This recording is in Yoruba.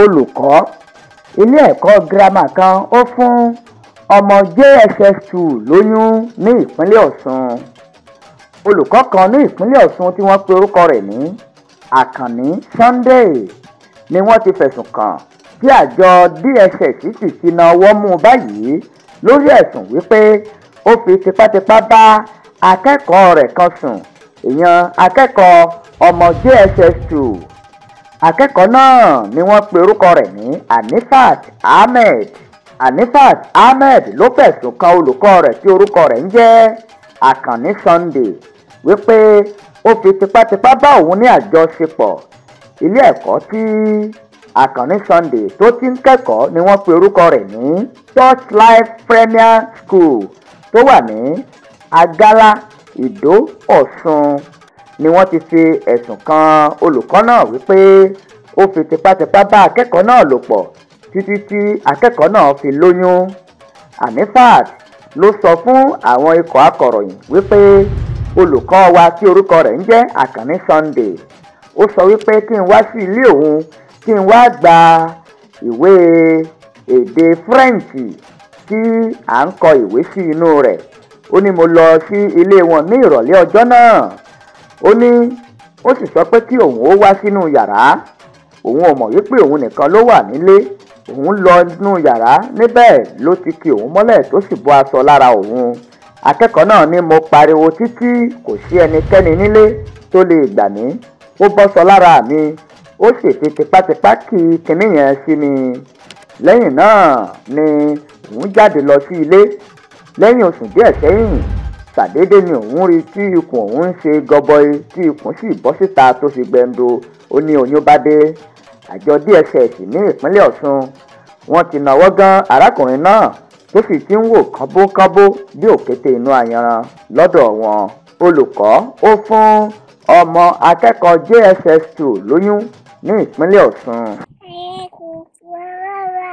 olùkọ́ ilé ẹ̀kọ́ girama kan ó fún ọmọ jss two lóyún ní ìpínlẹ̀ ọ̀ṣun olùkọ́ kan ní ìpínlẹ̀ ọ̀ṣun tí wọ́n pe orúkọ rẹ̀ ní àkànní sunday ni wọ́n ti fẹ̀sùn kàn tí àjọ dss sì ti na ọwọ́ mú un báyìí lórí ẹ̀sùn wípé ó fi tipátipá bá akẹ́kọ̀ọ́ rẹ̀ kan sùn èèyàn akẹ́kọ̀ọ́ ọmọ jss two akẹ́kọ̀ọ́ náà ni wọ́n pe orúkọ rẹ̀ ní anifat ahmed anifat ahmed ló fẹ̀sùn kan olùkọ́ rẹ̀ tí orúkọ rẹ̀ ń jẹ́ àkànní sunday wípé ó fi tipátipá bá òun ní àjọṣepọ̀ ilé ẹ̀kọ́ tí àkànní sunday tó ti ń kẹ́kọ̀ọ́ ni wọ́n pe orúkọ rẹ̀ ní church life premier school tó wà ní agala ìdó ọ̀ṣun ni wọ́n ti fi ẹ̀sùn kan olùkọ́ náà wípé ó fi tipátipá bá akẹ́kọ̀ọ́ náà lò pọ̀ títí tí akẹ́kọ̀ọ́ náà fi lóyún Amifat ló sọ fún àwọn ikọ̀ akọ̀ròyìn wípé olùkọ́ wa tí orúkọ rẹ̀ ń jẹ́ Àkànní Sunday ó sọ wípé kí n wá sí ilé òun kí n wá gba ìwé èdè fúrẹ́ǹkì tí à ń kọ ìwé sí inú rẹ̀ ó ní mo lọ sí ilé wọn ní ìrọ̀lẹ́ ọjọ́ náà ó ní ó sì sọ pé kí òun ó wá sínú yàrá òun ò mọ̀ wípé òun nìkan ló wà nílé òun lọ inú yàrá níbẹ̀ ló ti ki òun mọ́lẹ̀ tó sì bọ́ aṣọ lára òun akẹ́kọ̀ọ́ náà ni mo pariwo títí kò sí ẹnikẹ́ni nílé tó lè gbà mí ó bọ́sọ lára mi ó sì fi tipátipá kí kinní yẹn sí mi lẹ́yìn náà ni òun jáde lọ sí ilé lẹ́yìn oṣù díẹ̀ sẹ́yìn ṣàdédé ni òun rí tí ikùn òun ń ṣe gọbọi tí ikùn sì bọ́ síta tó ṣe gbẹndo ó ní oyún bá dé àjọ DSS ní ìpínlẹ̀ Ọ̀ṣun wọ́n ti náwó gan arákùnrin náà tó sì ti ń wò kánbókánbó bí òkété inú ayanran lọ́dọ̀ wọn olùkọ́ ó fún ọmọ akẹ́kọ̀ọ́ JSS two lóyún ní ìpínlẹ̀ Ọ̀ṣun. ẹ̀yin kò wá rárá.